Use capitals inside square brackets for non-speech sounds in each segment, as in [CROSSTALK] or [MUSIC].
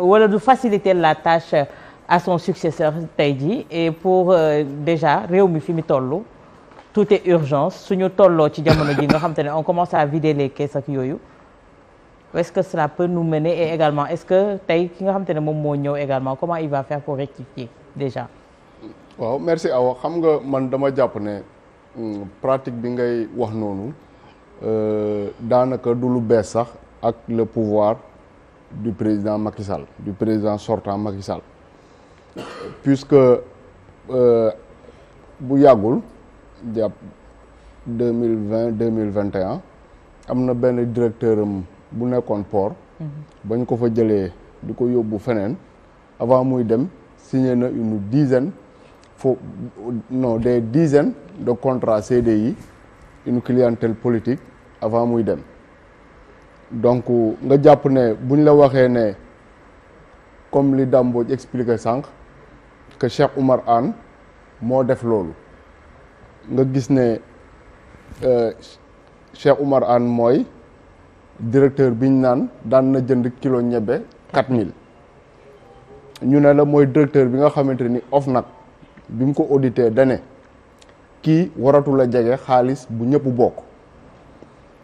wala du faciliter la tâche à son successeur tey jii et pour euh, déjà réew mi fi mu toll tout est urgence suñu tolloo ci jamono ji nga xam te ne on commence à vider les caisses ak yooyu est-ce que cela peut nous mener et également est-ce que tey ki nga xam te ne moom moo ñëw également comment il va faire pour rectifier déjà waaw merci Awa xam nga man dama jàpp ne hmm, pratique bi ngay wax noonu euh, daanaka du lu bees sax ak le pouvoir du président Macky du président sortant Macky Sall puisque euh, bu yàggul jàpp deux mille vingt deux mille vingt et am na benn directeur am bu nekkoon port. Mhm. bañ ñu ko fa jëlee di ko yóbbu feneen avant muy dem signé na une dizaine fo non des dizaines de contrats yi une clientèle politique avant muy dem. donc nga jàpp ne buñ la waxee ne comme li Dame Mbodj expliqué sànq que Cheikh Oumar Anne moo def loolu nga gis ne euh, Cheikh Oumar Anne mooy directeur biñ naan daan na jënd kilo ñebe 4000 ñu ne la mooy directeur bi nga xamante ni OFNAC bi mu ko audité dane kii waratu la jege xaalis bu ñëpp bokk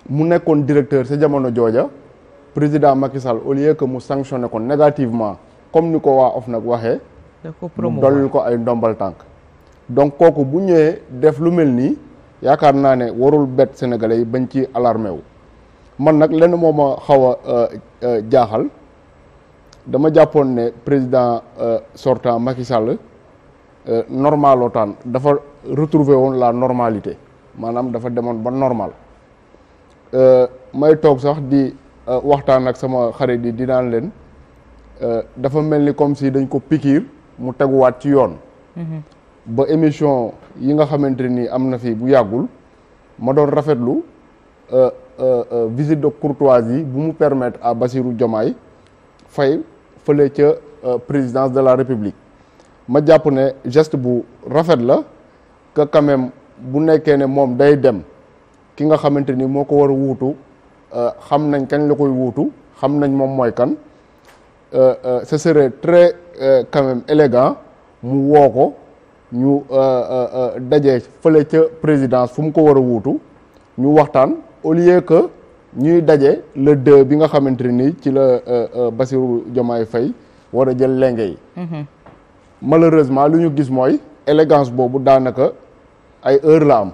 mu nekkoon directeur sa jamono jooja président Macky Sall au lieu que mu sanctionné ko négativement comme ni ko waa OFNAC waxee. da ko promouvoir dolli ko ay ndombal tànk. donc kooku bu ñëwee def lu mel nii yaakaar naa ne warul bett sénégalais yi bañ ci alarmé wu man nag lenn moom ma xaw a euh, euh, jaaxal dama jàppoon ne président euh, sortant Macky Sall normalotaan dafa retrouver woon la normalité maanaam dafa demoon ba normal. Euh, may toog sax di euh, waxtaan ak sama xarit yi di naan leen euh, dafa mel ni comme si dañ ko pikiir mu teguwaat ci yoon mhm. ba émission yi nga xamante ni am na fi bu yàggul ma doon rafetlu visite de courtoisie yi bu mu permettre à Bassirou Diomaye fay fële ca présidence de la République ma jàpp ne geste bu rafet la que quand bu nekkee ne moom day dem ki nga xamante ni moo ko war a wuutu euh, xam nañ kañ la koy wuutu xam nañ moom mooy kan euh, euh, ce serait très quand même élégant mu woo ko ñu daje fële ca présidence fu mu ko war a wuutu ñu waxtaan au lieu que ñuy daje le deux bi nga xamante ni ci la Bassirou Diomaye fay war a jël lenge yi mm-hmm. malheureusement lu ñu gis mooy élégance boobu daanaka ay heure la am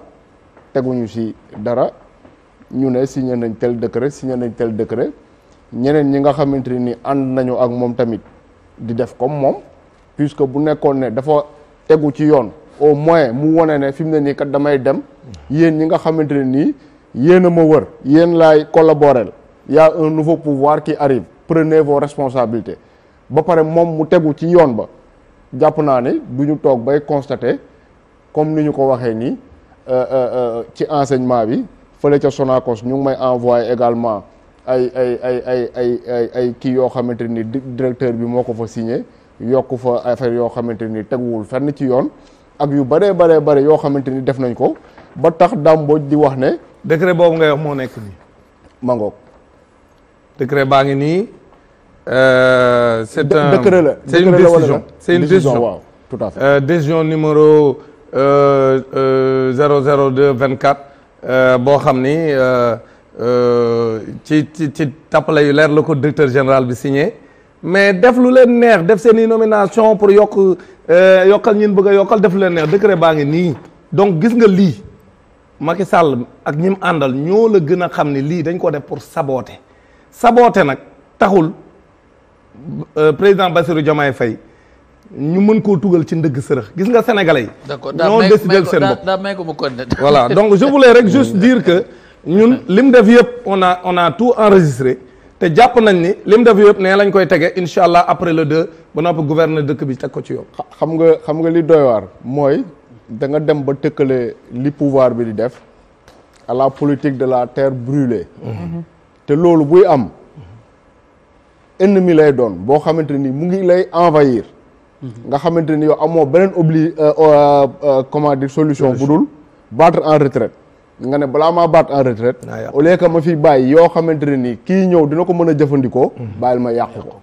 teguñu si dara ñu ne signé nañ tel décret signé nañ tel décret ñeneen ñi nga xamante ni ànd nañu ak moom tamit di def comme moom puisque bu nekkoon ne dafa tegu ci yoon au moins mu wone ne fi mu ne nii kat damay dem yéen ñi nga xamante ne nii yéen a ma wër yéen laay collaborer y a un nouveau pouvoir qui arrive prenez responsabilité ba pare moom mu tegu ci yoon ba jàpp naa ne du ñu toog bay constater comme ni ñu ko waxee nii Euh, euh, euh, ci enseignement bi fële ca Sonacos ñu ngi may envoyé également ay ay ay ay ay ay kii yoo xamante ni directeur bi moo ko fa signé yokk fa affaire yoo xamante nii teguwul fenn ci yoon ak yu bëree bëree bëri yoo xamante ni def nañ ko ba tax dàmbooj di wax ne. décret boobu ngay wax moo nekk nii. mangoog. décret baa ngi nii. c'est un décret la. c'est une décision c'est une décision waaw tout à fait. décision numéro. 002 24 euh, boo xam ni euh, euh, ci ci ci tappale yu leer la ko directeur général bi signé mais def lu leen neex def seen i nomination pour yokk yokkal ñin bëgg a yokkal def lu leen neex décret baa ngi nii donc gis nga lii Macky Sall ak ñim àndal ñoo la gën a xam ni lii dañ ko def pour saboter saboote nag taxul président Bassirou Diomaye Faye ñu mën koo tugal ci ndëgg sërëx gis nga sénégalais yi. d'accord ñoo décidé seen daa may ko mu continuer [LAUGHS] voilà donc je voulais rek juste dire que ñun lim def yëpp on a on a tout enregistré te jàpp nañ ni lim def yëpp nee lañ koy tege incha allah après la deux ba noppi gouverneur dëkk bi teg ko ci yoon. xam nga xam nga li doy mooy da nga dem ba tëkkale li pouvoir bi di def à la politique de la terre brûlée. Mhm. te loolu buy am ennemi lay doon boo xamante ni mu ngi lay envahir. nga xamante ni yow amoo beneen obli euh, euh, euh, comment dire solution bu dul battre en retraite nga ne balaa maa baat en retraite au lieu ma fi bàyyi yoo xamante ne nii kii ñëw dina ko mën a jëfandikoo mhm. bàyyil ma yàqu ko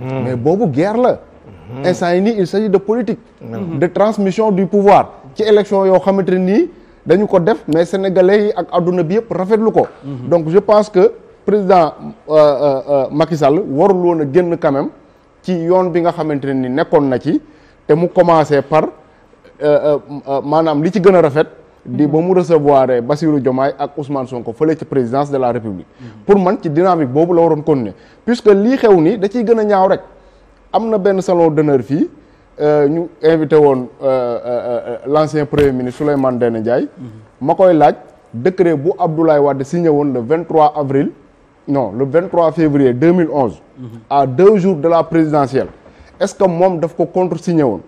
mhm. mais boobu guerre la mhm. instant yi nii il s'agit de politique de transmission du pouvoir ci élection yoo xamante ne nii dañu ko def mais sénégalais yi ak adduna bi yëpp rafetlu ko donc je pense que président Macky Sall warul a génn quand ci yoon bi nga xamante ne ni nekkoon na ci te mu commencé par euh, euh, maanaam li ci gën a rafet di ba mu recevoir Bassirou jomaay ak soon Sonko fële ci présidence de la République mm-hmm. pour man ci dynamique boobu la waroon continuer puisque lii xew ni da ciy gën a ñaaw rek am na benn salon d'honneur fii euh, ñu invité woon l'ancien premier ministre Souleymane Ndéné Ndiaye mm-hmm. ma koy laaj décret bu Abdoulaye Wade signé woon le 23 avril non le 23 février 2011. à deux jours de la présidentielle. est-ce que moom daf ko contre contresigné woon.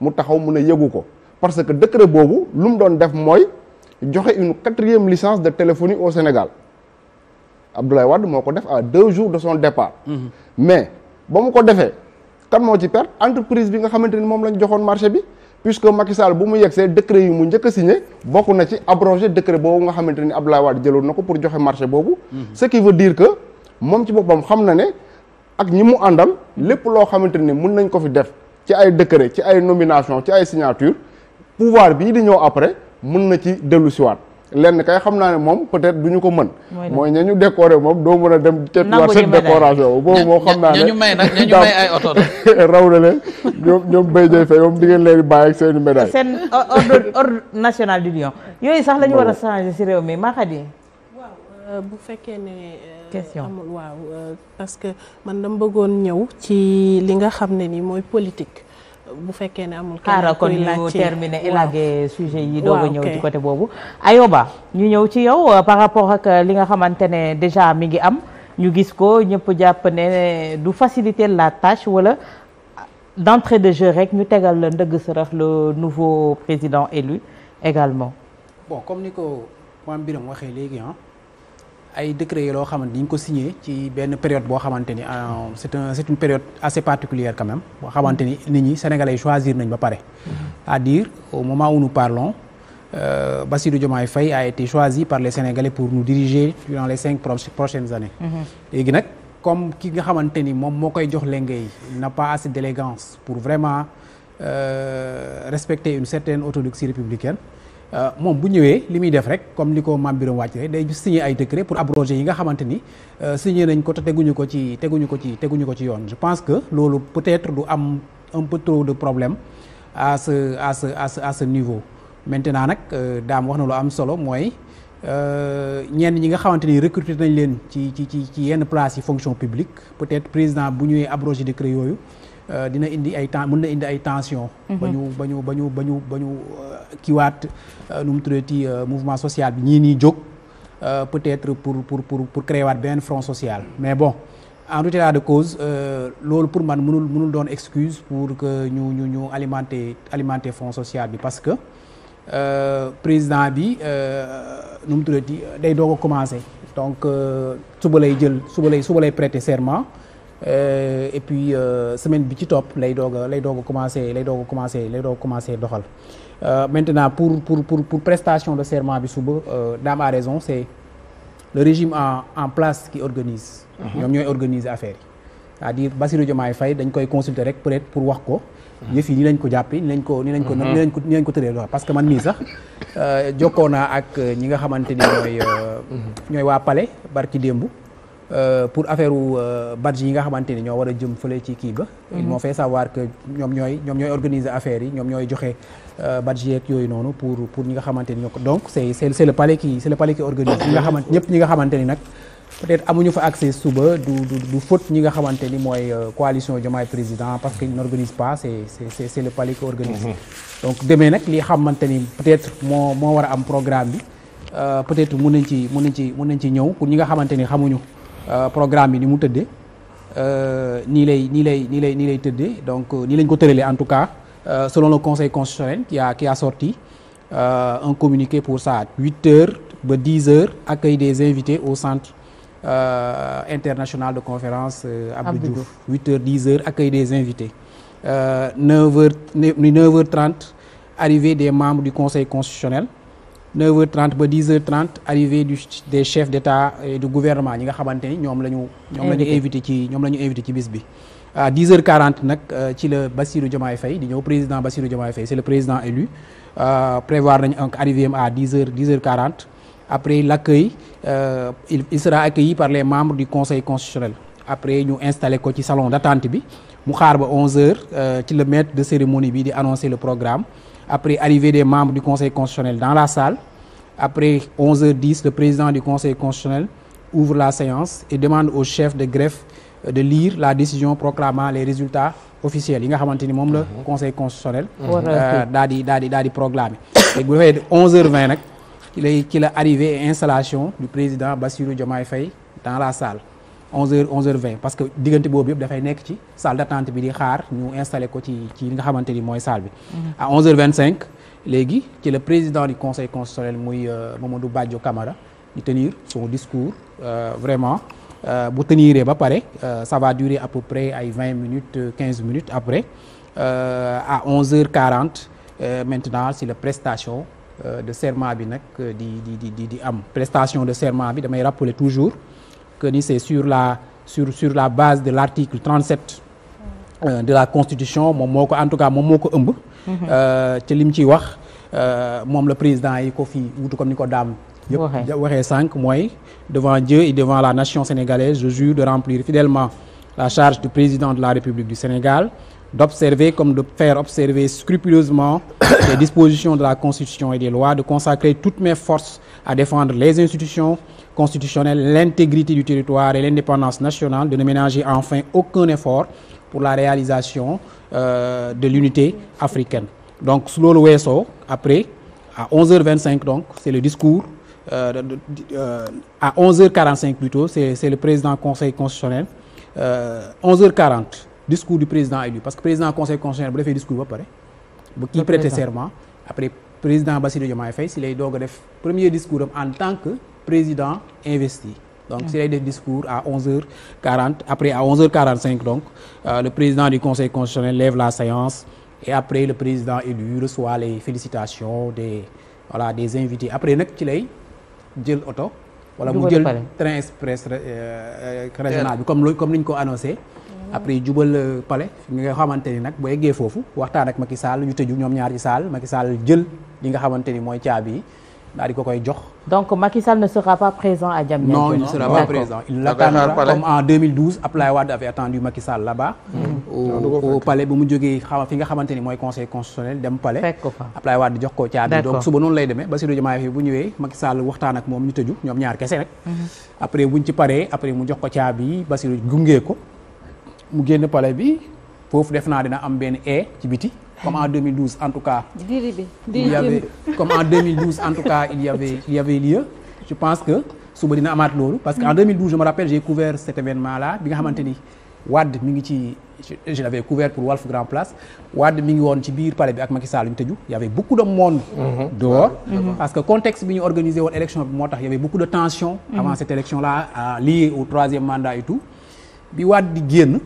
mu taxaw mu ne yëgu ko. parce que décret boobu lu mu doon def mooy joxe une quatrième licence de téléphonie au Sénégal Abdoulaye Wade moo ko def à deux jours de son départ. Mmh. mais ba mu ko defee kan moo ci perte entreprise bi nga xamante ni moom lañ joxoon marché bi. puisque Macky Sall bu mu yegsee décret yu mu njëkk a signé bokk na ci abrogé décret boobu nga xamante ni Abdoulaye Wade jëloon na ko pour joxe marché boobu mhm. ce qui veut dire que moom ci boppam xam na ne ak ñi mu àndal lépp loo xamante ni mun nañ ko fi def ci ay décret ci ay nomination ci ay signature pouvoir bii di ñëw après mun na ci dellu siwaat lenn kay xam naa ne moom peut-être du ñu ko mën. mooy ña ñu décorer moom doo mën a dem. nangu décoration boobu moom xam naa ne. ñu ñu may ay oto [LAUGHS] raw na leen ñoom ñoom Mbaye Dièye Faye moom di ngeen leen di bàyyi ak seen i seen ordre ordre national du lion. yooyu sax la war a changer ci réew mi maa xadi. Euh, bu fekkee ne. Euh, question amul waaw euh, parce que man dama bëggoon ñëw ci li nga xam ne nii mooy politique. bu fekkee ne amul. xaaral kon ñu terminer élaguer sujet yi doog ñëw ci côté boobu. Ayoba ñu ñëw ci yow euh, par rapport ak euh, li nga xamante ne déjà mi ngi am ñu gis ko ñëpp jàpp ne du faciliter la tâche wala d'entrée de jeu rek ñu tegal la ndëgg sarax le nouveau président élu également. bon ni ko maam Birame waxee léegi ay décret loo xamante ni ñu ko signé ci benn période boo xamante ni euh, c'est un c'est une période assez particulière quand boo xamante ni nit ñi sénégalais yi choisir nañ ba pare. Mm-hmm. c'est-à-dire au moment où nous parlons euh, Bassirou Diomaye Faye a été choisi par les sénégalais pour nous diriger durant les cinq prochaines années. Mm-hmm. léegi nag comme ki nga xamante ni moom moo koy jox lenge yi n'a pas assez d'élégance pour vraiment euh, respecter une certaine orthodoxie républicaine. Euh, moom bu ñëwee li muy def rek comme ni ko maam Birame wàcc rek day signé ay décret pour abroger yi nga xamante ni euh, signé nañ ko te teguñu ko ci teguñu ko ci teguñu ko ci yoon je pense que loolu peut-être du am un peu trop de problème à ce à ce à niveau maintenant nag euh, daam wax na lu am solo mooy ñenn ñi nga xamante ni recruter nañ leen ci ci ci ci yenn place yi fonction publique peut-être président bu ñëwee abroger décret yooyu Euh, dina indi ay temps tension mhm. ba ñu ba ñu ba ñu ba ñu ba ñu euh, kiiwaat euh, nu mu tuddati mouvement social bi ñii nii jóg peut-être pour pour pour pour créer waat benn front social mais bon en tout état de cause loolu pour man mënul mënul doon excuse pour que ñu ñu ñu alimenter alimenter front social bi parce que président bi nu mu tuddati day doog a commencer donc suba lay jël suba lay suba lay prêter serment Euh, et puis euh, semaine bi ci topp lay doog a lay doog a lay doog a commencé lay doog a commencé doxal euh, maintenant pour pour pour pour prestation de serment bi suba Dame a raison c' est le régime en place qui organise. Mhm. ñoom ñooy organiser affaire yi. c'est-à-dire Bassirou Diomaye dañ koy consulter rek peut-être pour wax ko. Mhm. yëf yi ni lañ ko jàppee ni lañ ko ni lañ ko ni mhm. lañ ko ni lañ ko tëree parce que man mii sax jokkoo naa ak ñi nga xamante ni ñooy. ñooy waa Palais barki démb. Euh, pour affaire euh, badge yi nga xamante ni ñoo war a jëm fële ci kii ba. ils m'ont mhm. fait savoir que ñoom ñooy ñoom ñooy affaire yi ñoom ñooy joxe euh, badge yeeg yooyu noonu pour pour ñi nga xamante ni ñoo ko donc c' est c' est le palais qui c' est le palais qui organise. ñi nga xamante [COUGHS] ñëpp ñi nga xamante ni nag. peut-être amuñu fa accès suba du du ñi nga xamante mooy coalition Diomaye président parce qu'il n'organise pas c'est c'est c'est le palais qui organise mhm. donc demee nag li xamante ni peut-être moo moo war a am programme bi peut-être mun nañ ci mun nañ ci mun nañ ci ñëw pour ñi nga xamante ni xamuñu Euh, programme bi ni mu tëddee euh, nii lay nii lay nii lay nii lay tëddee donc euh, nii lañ ko tëralee en tout cas selon le conseil constitutionnel qui a qui a sorti un communiqué pour ça huit heures ba dix heures accueil des invités au centre international de conférence Abdou Diouf huit heures dix heures accueil des invités neuf heures neuf heures trente arrivée des membres du conseil constitutionnel 9h30 ba 10h30 arrivée du des chefs d'État du gouvernement ñi nga xamante ni ñoom lañu ñu. ñoom la ñu invité ci ñoom lañu ñu invité ci bis bi. à 10h40 nag euh, ci la Bassirou Diomaye fay di ñëw président Bassirou Diomaye Faye c'est le président élu euh, prévoir nañu donc arrivée am à 10h h après l'accueil euh, il il sera accueilli par les membres du conseil constitutionnel après ñu installé ko ci salon d'attente bi mu xaar ba 11h euh, ci le maître de cérémonie bi di annoncer le programme. après arrivée des membres du conseil constitutionnel dans la salle après 11 h le président du conseil constitutionnel ouvre la séance et demande au chef de greffe euh, de lire la décision proclamant les résultats officiels yi nga xamante ni moom la mhm. conseil constitutionnel mhm. euh, daa di daa di daa di proclamer léegi bu defee 11 h nag ci ci la arrivée et installation du président Bassirou Diomaye Faye dans la salle 11 heures 11 heures parce que diggante boobu yëpp dafay nekk ci salle d'attente bi di xaar ñu installé ko ci ci li nga xamante ni mooy salle bi. Mhm. à 11 heures 25 léegi ci le président du conseil constitutionnel muy euh, Mamadou Badio Camara di tenir son discours euh, vraiment euh, bu teniree ba pare ça va durer à peu près ay 20 minutes 15 minutes après à 11 quarante 40 maintenant si la prestation. de serment bi nag di di di di am prestation de serment bi damay rappeler toujours que ni c'est sur la sur sur la base de l'article 37 euh, la constitution moom moo ko en tout cas moom moo ko ëmb mhm. euh, ci lim ciy wax euh, moom yi ko fii wutu comme ni ko daam yëpp waxee sànq mooy devant Dieu et devant la nation sénégalaise je jure d'observer comme de faire observer scrupuleusement [COUGHS] les dispositions la Constitution et des lois, de consacrer toutes mes forces à les institutions constitutionnelles, l'intégrité du territoire et l'indépendance nationale, de ne ménager enfin aucun effort pour la réalisation euh, de l'unité africaine. Donc su loolu weesoo après à 11h25 donc c'est le discours euh, de, de, euh, à 11h45 plutôt c'est c'est le président du Conseil constitutionnel 11h40 euh, discours du président élu parce que président conseil constitutionnel bu defee discours ba pare. bu kii prêter serment après président Bassirou Diomaye Faye si lay doog a def premier discours am en tant que président investi. donc si lay def discours à 11h40 après à 11h45 donc euh, le président du conseil constitutionnel lève la séance et après le président élu reçoit les félicitations des voilà des invités après nag ci lay jël oto. wala mu jël train express euh, euh, régional bi comme comme ni ñu ko annoncé. après jubal euh, palais mi nga xamante ni nag bu eggee foofu waxtaan ak Macky Sall ñu tëju ñoom ñaar ci saal Macky Sall ni mooy caabi yi daal koy jox. donc Macky Sall ne sera pas présent à Diamniadio. non il ne sera pas présent il l'attendra comme en 2012 Abdoulaye Wade avait attendu mm. bu ni mooy conseil constitutionnel ko fa Abdoulaye Wade jox ko caabi. donc suba noonu lay demee Bassirou Diomaye fi bu ñëwee Macky Sall waxtaan ak moom ñu mm-hmm. ci paree après mu jox ko caabi Bassirou gungee ko. mu génn palais bi foofu def naa dina am benn e ci biti comme en 2012 en tout cas. diri bi il y comme en 2012 en tout cas il y y lieu je pense que suba dina amaat loolu. parce que en 2012 mm. je me rappelle j'ai couvert cet événement là bi nga xamante ni Wade mi ngi ci. je l'avais couvert pour Walf Grand Place wadd mi ngi woon ci biir palais bi ak Macky Sall ñu tëju y avait beaucoup de monde mm-hmm. dehors mm-hmm. Mm-hmm. parce que contexte bi ñu organisé woon élection bi moo tax y avait beaucoup de tension avant cette troisième mandat et bi Wade di génn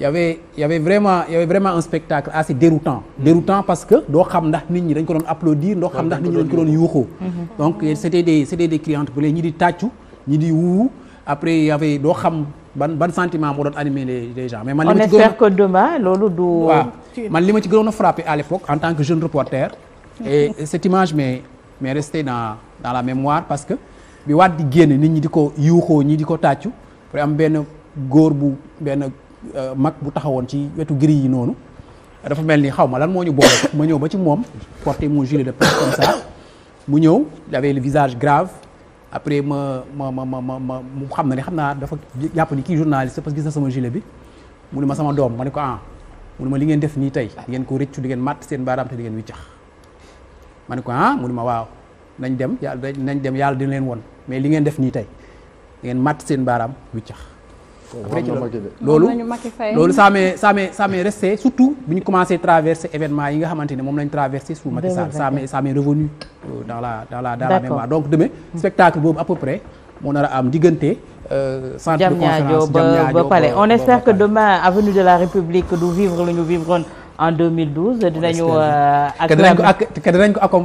y avait y avait vraiment y avait vraiment un spectacle assez déroutant mm-hmm. déroutant parce que doo xam ndax nit ñi dañ ko doon applaudir doo xam ndax nit ñi dañ ko doon yuuxoo mm-hmm. donc euh, c'était des c'était des clients entrepelés di tàccu ñi di wuwu après y doo xam ban ban sentiment moo doon animer mais ma ci gën loolu du man li ma ci gënoon a frappé à l'époque en tant que jeune reporter mm-hmm. et cette image mais mais restée dans dans la mémoire parce que bi waat di génn nit ñi di ko yuuxoo ñi di ko tàccu après am benn góor bu benn Euh, mag bu taxawoon ci wetu gris yi noonu dafa mel ni xaw ma lan moo ñu boole [COUGHS] ma ñëw ba ci moom porté moo gilet de presse comme mu ñëw j'avais le visage grave après ma ma ma ma ma ma mu xam na ne xam naa dafa jàpp ni kii journaliste parce que gis na sama gilet bi mu ne ma sama doom ma ne ko ah mu ne ma li ngeen def nii tey di koo ko rëccu di ngeen màtt seen baaraam te di ngeen wiccax ne ko ah mu ma waaw nañ dem yàlla nañ dem yàlla dina leen won mais li ngeen def nii tey ngeen màtt seen baaraam wiccax vrai ci loolu loolu ça m'est ça m'est surtout bi ñu commencé traverser événement yi nga xamante moom lañ traversé sous Macky Sall revenu euh, dans la mémoire donc demain hmm. spectacle boobu à peu près moo nar a am diggante euh, centre de ba palais on espère que demain avenue de la République du vivre lu ñu vivroon en 2012 dinañu euh, ak dinañ ko dinañ ko